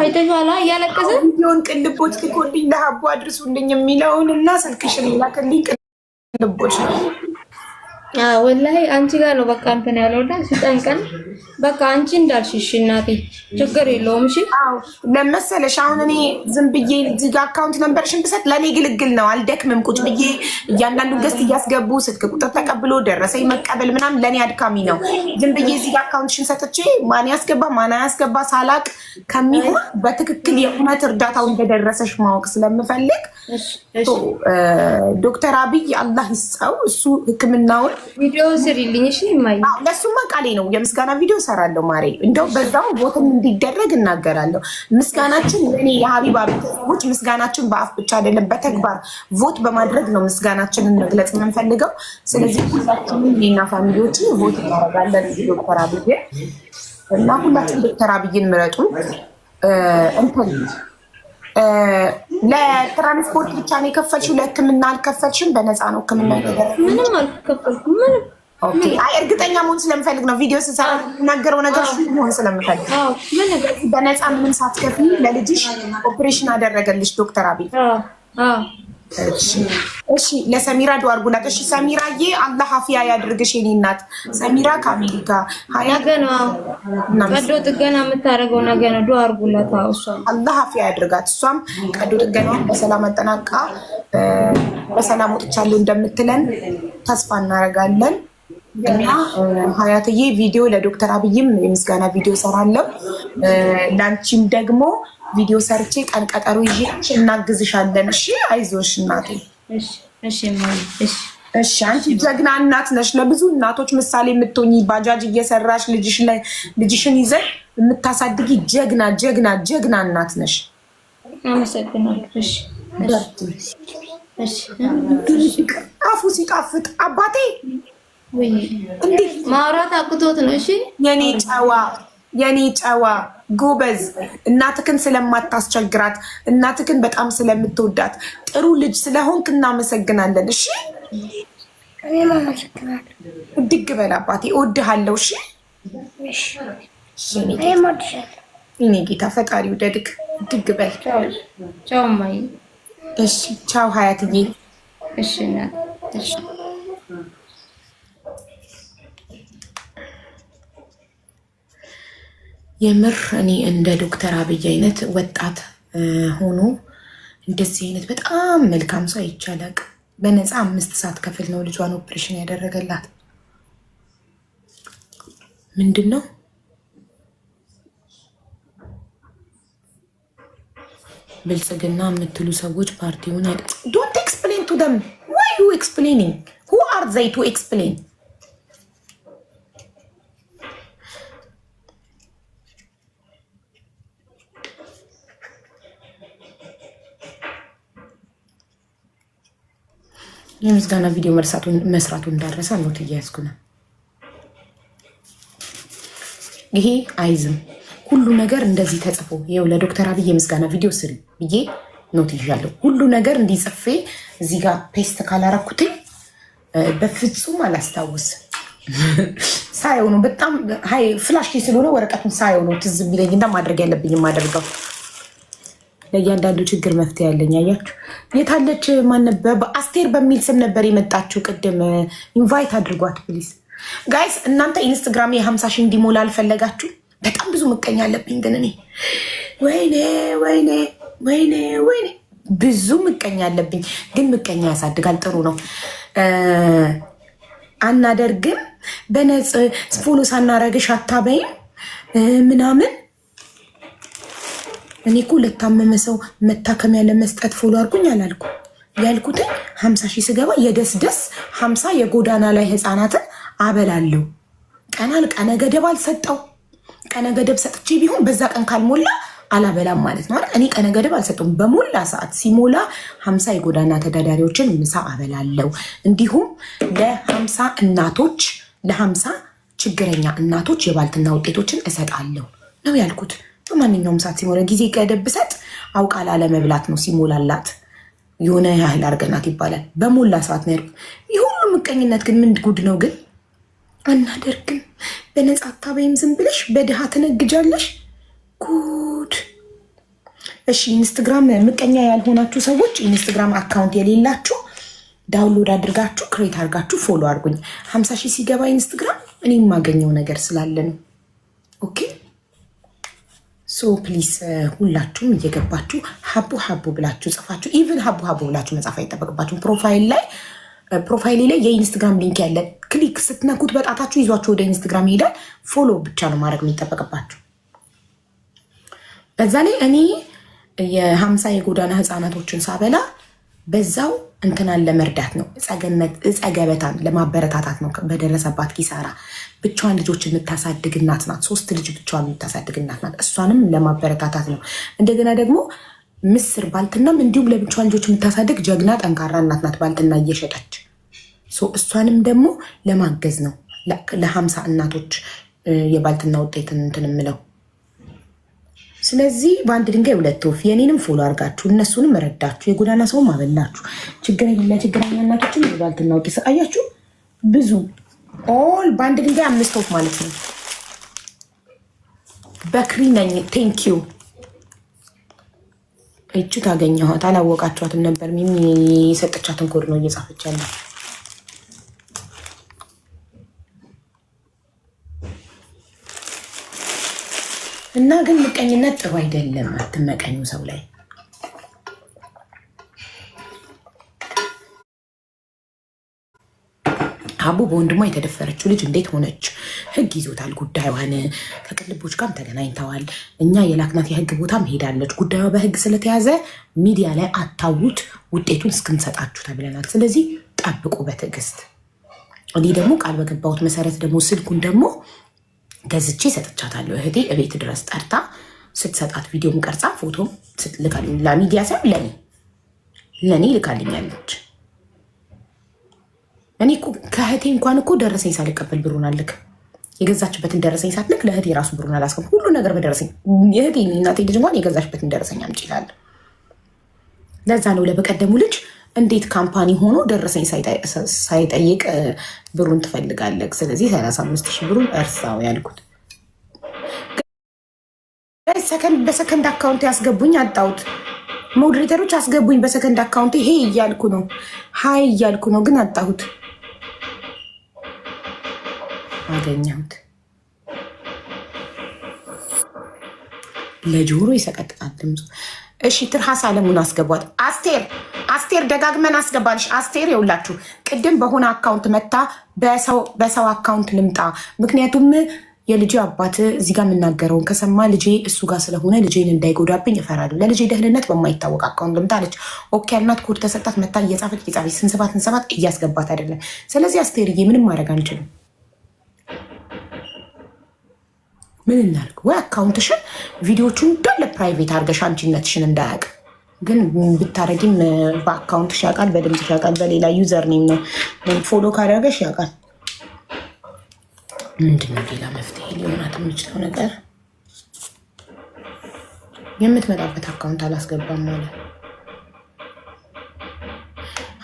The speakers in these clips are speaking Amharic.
አይተሻላ እያለቀሰ ቪዲዮን ቅልቦች ልኮልኝ ለሀቡ አድርሱልኝ የሚለውን እና ስልክሽን ላክልኝ ቅልቦች ነው። ወላሂ አንቺ ጋር ነው በቃ እንትን ያለውና ሲጠንቀን በቃ አንቺ እንዳልሽሽ እናቴ ችግር የለውም። እሺ ለመሰለሽ አሁን እኔ ዝም ብዬ እዚህ ጋር አካውንት ነምበርሽን ብሰጥ ለእኔ ግልግል ነው፣ አልደክምም። ቁጭ ብዬ እያንዳንዱ ገዝት እያስገቡ ስልክ ቁጥር ተቀብሎ ደረሰኝ መቀበል ምናምን ለእኔ አድካሚ ነው። ዝም ብዬ እዚህ ጋር አካውንትሽን ሰጥቼ ማን ያስገባ ማን ያስገባ ሳላቅ ከሚሆን በትክክል የእውነት እርዳታው እንደደረሰሽ ማወቅ ስለምፈልግ ዶክተር አብይ አላህ ይስጠው እሱ ህክምናውን ቪዲዮ ስሪልኝ። እሺ ማይ ለሱማ ቃሌ ነው። የምስጋና ቪዲዮ ሰራለሁ ማሬ። እንደው በዛው ቦትም እንዲደረግ እናገራለሁ። ምስጋናችን እኔ የሀቢባ ቤተሰቦች ምስጋናችን በአፍ ብቻ አይደለም በተግባር ቮት በማድረግ ነው ምስጋናችንን መግለጽ የምንፈልገው። ስለዚህ ሁላችንም የእኛ ፋሚሊዎች ቮት እናደርጋለን። ዶክተር አብይ እና ሁላችን ዶክተር አብይን ምረጡ እንትን ለትራንስፖርት ብቻ ነው የከፈልሽው? ለህክምና አልከፈልሽም? በነፃ ነው ህክምና ምንም አልከፈልኩም። እርግጠኛ መሆን ስለምፈልግ ነው ቪዲዮ ስሰራ የምናገረው ነገር መሆን ስለምፈልግ በነፃ ምንም ሳትከፍል ለልጅሽ ኦፕሬሽን አደረገልሽ ዶክተር አቤል እሺ ለሰሚራ ዱአ አድርጉላት። እሺ ሰሚራዬ፣ አላህ አፍያ ያድርግሽ የኔ እናት። ሰሚራ ከአሜሪካ ነገ ነው ቀዶ ጥገና የምታደርገው ነገ ነው። ዱአ አድርጉላት። እሷም አላህ አፍያ ያድርጋት። እሷም ቀዶ ጥገናውን በሰላም አጠናቃ በሰላም ወጥቻለሁ እንደምትለን ተስፋ እናደርጋለን። እና ሀያትዬ ቪዲዮ ለዶክተር አብይም የምስጋና ቪዲዮ ሰራለሁ ለአንቺም ደግሞ ቪዲዮ ሰርቼ ቀን ቀጠሮ ይዤ እናግዝሻለን። እሺ፣ አይዞሽ እናቴ። እሺ፣ አንቺ ጀግና እናት ነሽ። ለብዙ እናቶች ምሳሌ የምትሆኝ ባጃጅ እየሰራሽ ልጅሽን ይዘን የምታሳድጊ ጀግና ጀግና ጀግና እናት ነሽ። አፉ ሲጣፍጥ አባቴ እንዲህ ማውራት አቅቶት ነው። እሺ የኔ ጨዋ የኔ ጨዋ ጎበዝ እናትክን ስለማታስቸግራት እናትክን በጣም ስለምትወዳት ጥሩ ልጅ ስለሆንክ እናመሰግናለን። እሺ ድግ በል አባቴ፣ እወድሃለሁ። እሺ እኔ ጌታ ፈጣሪ ውደድክ። ድግ በል ቻው፣ ሀያትዬ። እሺ የምር እኔ እንደ ዶክተር አብይ አይነት ወጣት ሆኖ እንደዚህ አይነት በጣም መልካም ሰው አይቻለቅ። በነፃ አምስት ሰዓት ክፍል ነው ልጇን ኦፕሬሽን ያደረገላት። ምንድን ነው ብልጽግና የምትሉ ሰዎች ፓርቲውን ዶንት ኤክስፕሌን ቱ ደም ዋይ ዩ ኤክስፕሌኒንግ ሁ አር ዘይ ቱ ኤክስፕሌን የምስጋና ቪዲዮ መስራቱ እንዳረሰ ኖት እያያዝኩ ነው። ይሄ አይዝም ሁሉ ነገር እንደዚህ ተጽፎ ይኸው ለዶክተር አብይ የምስጋና ቪዲዮ ስል ብዬ ኖት ይዣለሁ። ሁሉ ነገር እንዲጽፌ እዚህ ጋር ፔስት ካላረኩትኝ በፍጹም አላስታውስም። ሳየው ነው በጣም ፍላሽ ስለሆነ ወረቀቱን ሳየው ነው ትዝ የሚለኝ እና ማድረግ ያለብኝ ማደርገው ለእያንዳንዱ ችግር መፍትሄ ያለኝ። አያችሁ የታለች ማነበ በአስቴር በሚል ስም ነበር የመጣችው ቅድም። ኢንቫይት አድርጓት ፕሊስ። ጋይስ። እናንተ ኢንስትግራም የሀምሳ ሺህ እንዲሞላ አልፈለጋችሁ? በጣም ብዙ ምቀኛ አለብኝ ግን እኔ ወይኔ ወይኔ ወይኔ ወይኔ ብዙ ምቀኛ አለብኝ ግን ምቀኛ ያሳድጋል። ጥሩ ነው አናደርግም። በነጽ ፎሎ ሳናረግሽ አታበይም ምናምን እኔ እኮ ለታመመ ሰው መታከሚያ ለመስጠት ፎሎ አድርጉኝ አላልኩ ያልኩትን ሀምሳ ሺህ ስገባ የደስ ደስ ሀምሳ የጎዳና ላይ ህፃናትን አበላለሁ። ቀናል ቀነ ገደብ አልሰጠው። ቀነ ገደብ ሰጥቼ ቢሆን በዛ ቀን ካልሞላ አላበላም ማለት ነው። እኔ ቀነ ገደብ አልሰጠውም። በሞላ ሰዓት ሲሞላ ሀምሳ የጎዳና ተዳዳሪዎችን ምሳ አበላለሁ እንዲሁም ለሀምሳ እናቶች ለሀምሳ ችግረኛ እናቶች የባልትና ውጤቶችን እሰጣለሁ ነው ያልኩት። በማንኛውም ሰዓት ሲሞላ ጊዜ ገደብ ብሰጥ አውቃ ላለመብላት ነው። ሲሞላላት የሆነ ያህል አርገናት ይባላል። በሞላ ሰዓት ነው ያልኩት። ምቀኝነት ግን ምን ጉድ ነው ግን? አናደርግም በነጻታ አታበይም። ዝም ብለሽ በድሃ ትነግጃለሽ። ጉድ እሺ። ኢንስትግራም ምቀኛ ያልሆናችሁ ሰዎች ኢንስትግራም አካውንት የሌላችሁ ዳውንሎድ አድርጋችሁ ክሬት አድርጋችሁ ፎሎ አድርጉኝ። ሀምሳ ሺህ ሲገባ ኢንስትግራም እኔ የማገኘው ነገር ስላለ ነው። ኦኬ ሶ ፕሊስ uh, ሁላችሁም እየገባችሁ ሀቡ ሀቡ ብላችሁ ጽፋችሁ ኢቭን ሀቡ ሀቡ ብላችሁ መጻፍ አይጠበቅባችሁም። ፕሮፋይል ላይ uh, ፕሮፋይሌ ላይ የኢንስትግራም ሊንክ ያለ ክሊክ ስትነኩት በጣታችሁ ይዟችሁ ወደ ኢንስትግራም ይሄዳል። ፎሎ ብቻ ነው ማድረግ የሚጠበቅባችሁ። በዛ ላይ እኔ የሀምሳ የጎዳና ህፃናቶችን ሳበላ በዛው እንትናን ለመርዳት ነው፣ እጸገበታን ለማበረታታት ነው። በደረሰባት ኪሳራ ብቻዋን ልጆች የምታሳድግ እናት ናት። ሶስት ልጅ ብቻዋን የምታሳድግ እናት ናት። እሷንም ለማበረታታት ነው። እንደገና ደግሞ ምስር ባልትናም እንዲሁም ለብቻዋን ልጆች የምታሳድግ ጀግና ጠንካራ እናት ናት። ባልትና እየሸጠች እሷንም ደግሞ ለማገዝ ነው። ለሀምሳ እናቶች የባልትና ውጤትን እንትን የምለው ስለዚህ በአንድ ድንጋይ ሁለት ወፍ የኔንም ፎሎ አርጋችሁ እነሱንም ረዳችሁ፣ የጎዳና ሰውም አበላችሁ። ችግረኛ ለችግረኛ እናቶችን ባልትናውቂ አያችሁ። ብዙ ኦል በአንድ ድንጋይ አምስት ወፍ ማለት ነው። በክሪ ነኝ። ቴንክ ዩ እቹ ታገኘኋት። አላወቃችኋትም ነበር። ሚሚ የሰጠቻትን ኮድ ነው እየጻፈች ያለች እና ግን ምቀኝነት ጥሩ አይደለም። አትመቀኙ ሰው ላይ አቡ በወንድሟ የተደፈረችው ልጅ እንዴት ሆነች? ህግ ይዞታል ጉዳዩን። ከቅልቦች ጋርም ተገናኝተዋል። እኛ የላክናት የህግ ቦታም ሄዳለች። ጉዳዩ በህግ ስለተያዘ ሚዲያ ላይ አታውት፣ ውጤቱን እስክንሰጣችሁ ተብለናል። ስለዚህ ጠብቁ በትዕግስት። እኔ ደግሞ ቃል በገባሁት መሰረት ደግሞ ስልኩን ደግሞ ገዝቼ ሰጥቻታለሁ። እህቴ እቤት ድረስ ጠርታ ስትሰጣት ቪዲዮም ቀርጻ ፎቶም ልካልኝ ለሚዲያ ሳይሆን ለኔ ለእኔ ልካልኛለች። እኔ ከእህቴ እንኳን እኮ ደረሰኝ ሳልቀበል ብሩን አልክ የገዛችበትን ደረሰኝ ሳትልክ ለእህቴ ራሱ ብሩን አላስከ ሁሉ ነገር በደረሰኝ የእህቴ እናቴ ልጅ እንኳን የገዛችበትን ደረሰኝ አምጪ ይላል። ለዛ ነው ለበቀደሙ ልጅ እንዴት ካምፓኒ ሆኖ ደረሰኝ ሳይጠይቅ ብሩን ትፈልጋለህ? ስለዚህ 35 ሺህ ብሩን እርሳው ያልኩት በሰከንድ አካውንት ያስገቡኝ አጣሁት። ሞዴሬተሮች አስገቡኝ በሰከንድ አካውንት ይሄ እያልኩ ነው ሀይ እያልኩ ነው፣ ግን አጣሁት። አገኘሁት። ለጆሮ ይሰቀጥጣል ድምፁ። እሺ ትርሃስ አለሙን አስገቧት። አስቴር አስቴር ደጋግመን አስገባልሽ። አስቴር የውላችሁ ቅድም በሆነ አካውንት መታ በሰው አካውንት ልምጣ፣ ምክንያቱም የልጅ አባት እዚህ ጋር የምናገረውን ከሰማ ልጄ እሱ ጋር ስለሆነ ልጄን እንዳይጎዳብኝ እፈራለሁ። ለልጄ ደህንነት በማይታወቅ አካውንት ልምጣ አለች። ኦኬ አልናት። ኮድ ተሰጣት። መታ እየጻፈች እየጻፈች ስንሰባት ስንስባት እያስገባት አይደለም። ስለዚህ አስቴርዬ ምንም ማድረግ አንችልም። ምን እናርግ? ወይ አካውንትሽን ቪዲዮቹን እንዳለ ፕራይቬት አድርገሽ አንቺነትሽን እንዳያውቅ ግን ብታረጊም በአካውንትሽ ያውቃል፣ በድምፅሽ ያውቃል። በሌላ ዩዘር ኔም ነው ፎሎ ካደረገሽ ያውቃል። ምንድነው ሌላ መፍትሄ ሊሆናት የምችለው ነገር? የምትመጣበት አካውንት አላስገባም አለ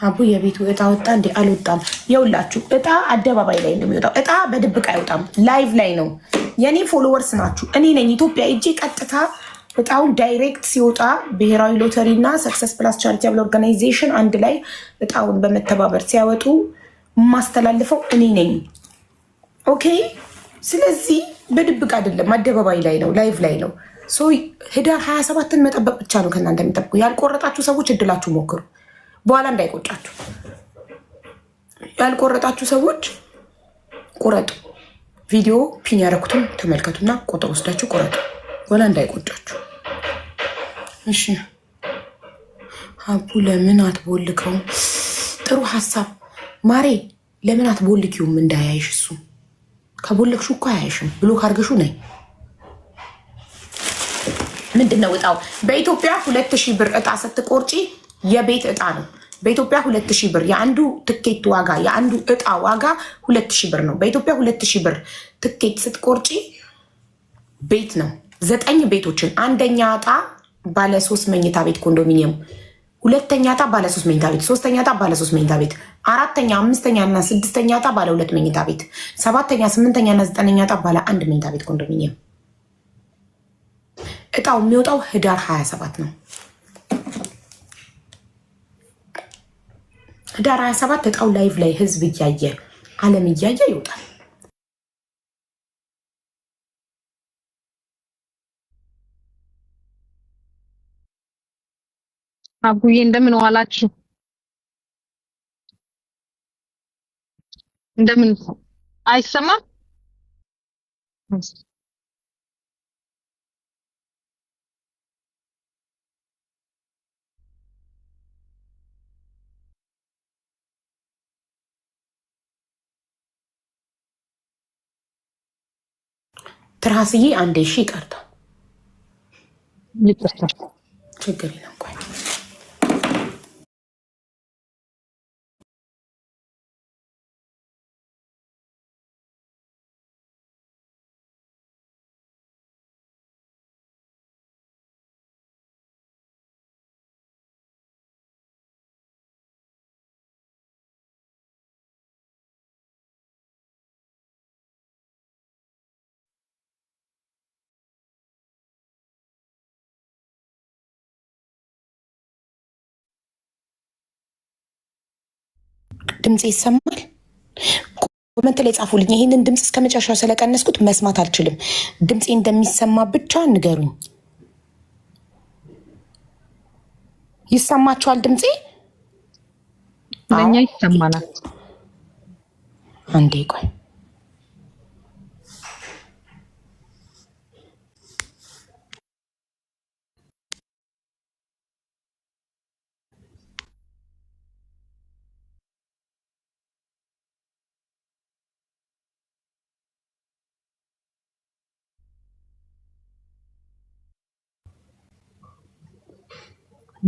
አቡ። የቤቱ እጣ ወጣ እንዴ? አልወጣም። የውላችሁ እጣ አደባባይ ላይ ነው የሚወጣው። እጣ በድብቅ አይወጣም። ላይቭ ላይ ነው የኔ ፎሎወርስ ናችሁ። እኔ ነኝ ኢትዮጵያ እጄ ቀጥታ እጣውን ዳይሬክት ሲወጣ ብሔራዊ ሎተሪ እና ሰክሰስ ፕላስ ቻሪቴብል ኦርጋናይዜሽን አንድ ላይ እጣውን በመተባበር ሲያወጡ የማስተላልፈው እኔ ነኝ። ኦኬ። ስለዚህ በድብቅ አይደለም፣ አደባባይ ላይ ነው፣ ላይቭ ላይ ነው። ህዳር 27ን መጠበቅ ብቻ ነው ከእናንተ የሚጠብቁ። ያልቆረጣችሁ ሰዎች እድላችሁ ሞክሩ፣ በኋላ እንዳይቆጫችሁ። ያልቆረጣችሁ ሰዎች ቁረጡ። ቪዲዮ ፒን ያደረኩትን ተመልከቱና ቁጥር ወስዳችሁ ቆረጡ ወላ እንዳይቆጫችሁ። እሺ ሀቡ ለምን አትቦልከውም? ጥሩ ሀሳብ ማሬ። ለምን አትቦልኪውም? እንዳያይሽ እሱ ከቦለክሹ እኮ አያይሽም ብሎ ካርገሹ ነይ ምንድን ነው እጣው? በኢትዮጵያ ሁለት ሺህ ብር እጣ ስትቆርጪ የቤት እጣ ነው። በኢትዮጵያ ሁለት ሺህ ብር የአንዱ ትኬት ዋጋ የአንዱ እጣ ዋጋ ሁለት ሺህ ብር ነው። በኢትዮጵያ ሁለት ሺህ ብር ትኬት ስትቆርጪ ቤት ነው ዘጠኝ ቤቶችን አንደኛ እጣ ባለ ሶስት መኝታ ቤት ኮንዶሚኒየም፣ ሁለተኛ እጣ ባለ ሶስት መኝታ ቤት፣ ሶስተኛ እጣ ባለ ሶስት መኝታ ቤት፣ አራተኛ፣ አምስተኛ እና ስድስተኛ እጣ ባለ ሁለት መኝታ ቤት፣ ሰባተኛ፣ ስምንተኛ እና ዘጠነኛ እጣ ባለ አንድ መኝታ ቤት ኮንዶሚኒየም። እጣው የሚወጣው ህዳር ሰባት ነው። ህዳር 27 እጣው ላይቭ ላይ ህዝብ እያየ አለም እያየ ይወጣል። አጉዬ እንደምን ዋላችሁ? እንደምን አይሰማም? ትርሃስዬ አንዴ ሺ ይቀርታል። ችግር የለም። ድምፅ ይሰማል? ኮመንት ላይ ጻፉልኝ። ይህንን ድምፅ እስከ መጨረሻው ስለቀነስኩት መስማት አልችልም። ድምፄ እንደሚሰማ ብቻ ንገሩኝ። ይሰማችኋል? ድምፄ ለእኛ ይሰማናል። አንዴ ቆይ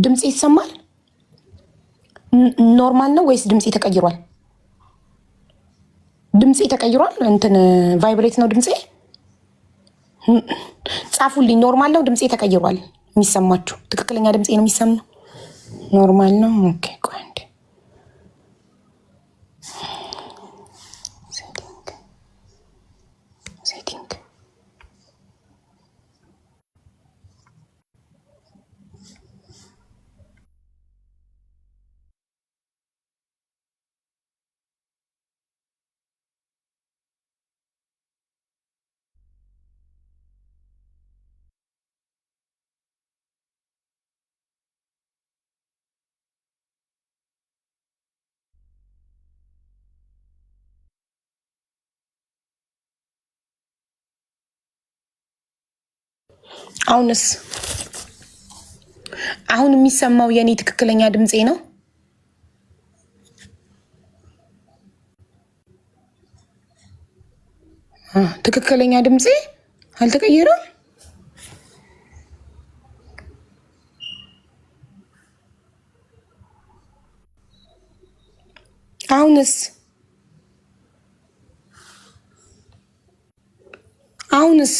ድምፅ ይሰማል? ኖርማል ነው ወይስ ድምፅ ተቀይሯል? ድምፅ ተቀይሯል። እንትን ቫይብሬት ነው ድምፅ። ጻፉልኝ። ኖርማል ነው ድምፅ ተቀይሯል? የሚሰማችሁ ትክክለኛ ድምፄ ነው የሚሰማው? ኖርማል ነው። ኦኬ ቆይ አሁንስ አሁን የሚሰማው የእኔ ትክክለኛ ድምፄ ነው? ትክክለኛ ድምፄ አልተቀየረም። አሁንስ አሁንስ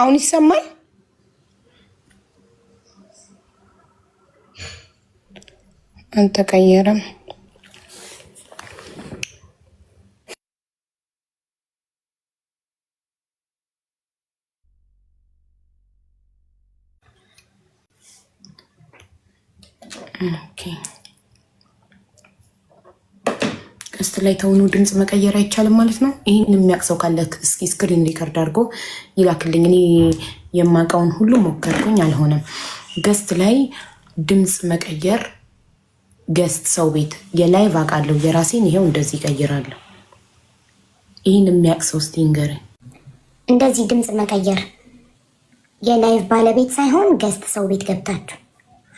አሁን ይሰማል? አልተቀየረም። ላይ ተሆኖ ድምፅ መቀየር አይቻልም ማለት ነው። ይህን የሚያቅሰው ካለ እስኪ ስክሪን ሪከርድ አድርጎ ይላክልኝ። እኔ የማውቀውን ሁሉ ሞከርኩኝ፣ አልሆነም። ገስት ላይ ድምፅ መቀየር ገስት ሰው ቤት የላይቭ አውቃለሁ፣ የራሴን ይሄው እንደዚህ ይቀይራለሁ። ይህን የሚያቅሰው እስቲ ንገረኝ። እንደዚህ ድምፅ መቀየር የላይቭ ባለቤት ሳይሆን ገስት ሰው ቤት ገብታችሁ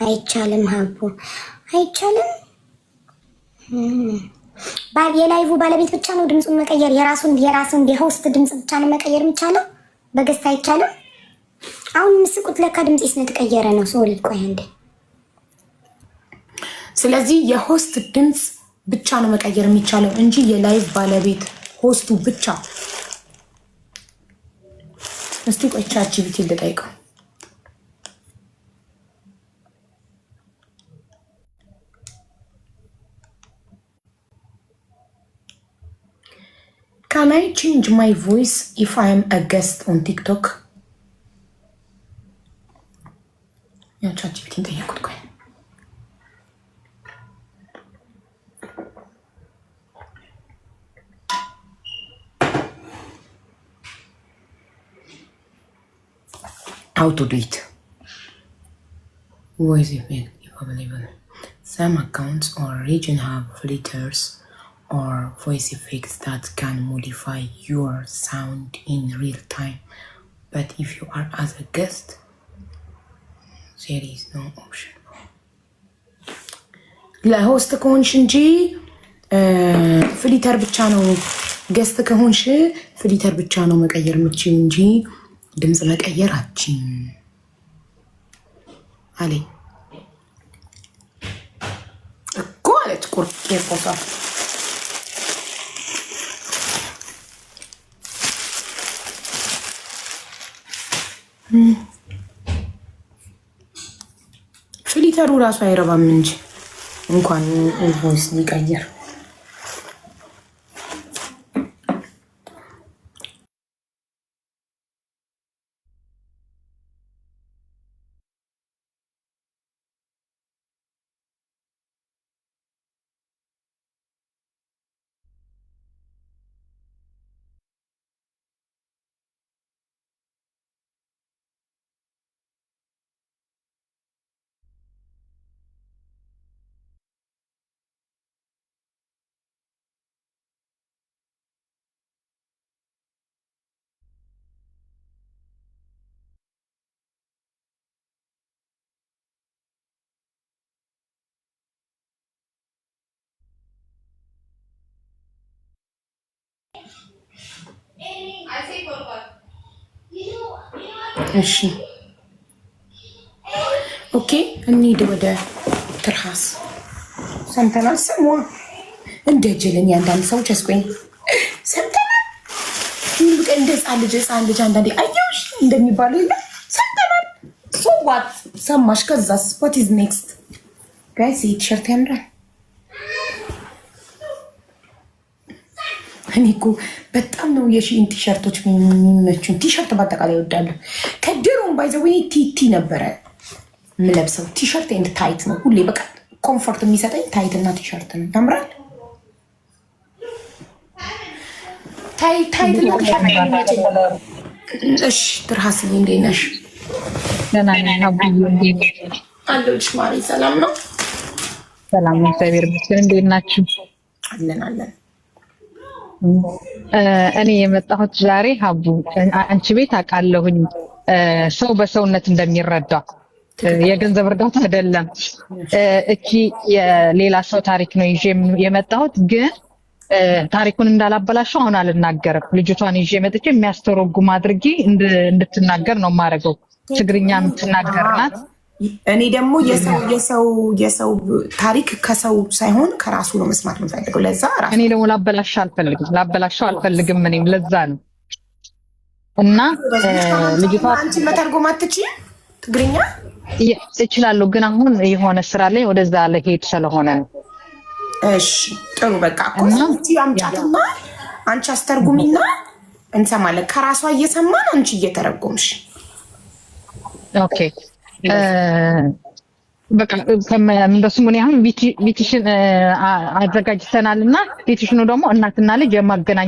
አይቻልም። ሀቡ አይቻልም። የላይቭ ባለቤት ብቻ ነው ድምፁን መቀየር የራሱን የራሱን የሆስት ድምፅ ብቻ ነው መቀየር የሚቻለው፣ በገስት አይቻልም። አሁን ምስቁት ለካ ድምፅ ስለተቀየረ ነው ሰው ቆይ አንዴ። ስለዚህ የሆስት ድምፅ ብቻ ነው መቀየር የሚቻለው እንጂ የላይቭ ባለቤት ሆስቱ ብቻ። እስቲ ቆይቻ ጂቢቲ ልጠይቀው Can I change my voice if I am a guest on TikTok? how to do it. Voice it available. Some accounts or region have filters or voice effects that can modify your sound in real time. But if you are as a guest, there is no option. ለሆስት ከሆንሽ እንጂ ፍሊተር ብቻ ነው። ገስት ከሆንሽ ፍሊተር ብቻ ነው መቀየር የምችል እንጂ ድምፅ መቀየር አችን አለኝ እኮ አለች ቁርጥ የቆሳ ፍሊተሩ ራሱ አይረባም እንጂ እንኳን ቮይስ ሊቀይር እሺ ኦኬ፣ እንሂድ ወደ ትርሃስ ሰምተናል። ስሟ እንደ ጅልን የአንዳንድ ሰዎች አስቆኝ ሰምተናል። ሁሉ ቀን እንደ ህፃን ልጅ ህፃን ልጅ አንዳንዴ አየሁሽ እንደሚባለው የለ ሰምተናል። ሶ ዋት ሰማሽ? ከዛስ ዋት ኢዝ ኔክስት ጋይስ? ቲሸርት ያምራል። እኔ እኮ በጣም ነው የሺን ቲሸርቶች የሚመቹን። ቲሸርት በአጠቃላይ ይወዳሉ። ከድሮም ባይዘዌ ቲቲ ነበረ የምለብሰው። ቲሸርት ኤንድ ታይት ነው ሁሌ በቃ ኮምፎርት የሚሰጠኝ ታይት እና ቲሸርት ነው። ያምራል። ታይት እሺ። ትርሃስ እንዴት ነሽ? አለሁልሽ ማሪ። ሰላም ነው። ሰላም እግዚአብሔር ይመስገን። እንዴት ናችሁ? አለን አለን እኔ የመጣሁት ዛሬ ሀቡ አንቺ ቤት አውቃለሁኝ ሰው በሰውነት እንደሚረዳ የገንዘብ እርዳታ አይደለም። እቺ የሌላ ሰው ታሪክ ነው ይዤ የመጣሁት ግን ታሪኩን እንዳላበላሸው አሁን አልናገርም። ልጅቷን ይዤ መጥቼ የሚያስተረጉም አድርጌ እንድትናገር ነው የማደርገው። ትግርኛ የምትናገር ናት። እኔ ደግሞ የሰው ታሪክ ከሰው ሳይሆን ከራሱ ነው መስማት የምፈልገው። ለዛ እኔ ደግሞ ላበላሽ አልፈልግም ላበላሻው አልፈልግም። እኔም ለዛ ነው እና ልጅቷ አንቺን መተርጎም አትችይም ትግርኛ እችላለሁ፣ ግን አሁን የሆነ ስራ ላይ ወደዛ ለሄድ ስለሆነ ነው። እሺ ጥሩ በቃ አምጫትና አንቺ አስተርጉሚና እንሰማለን። ከራሷ እየሰማን አንቺ እየተረጎምሽ ኦኬ በቃ እንደሱም አሁን ቤትሽን አዘጋጅተናል እና ቤትሽኑ ደግሞ እናትና ልጅ የማገናኘ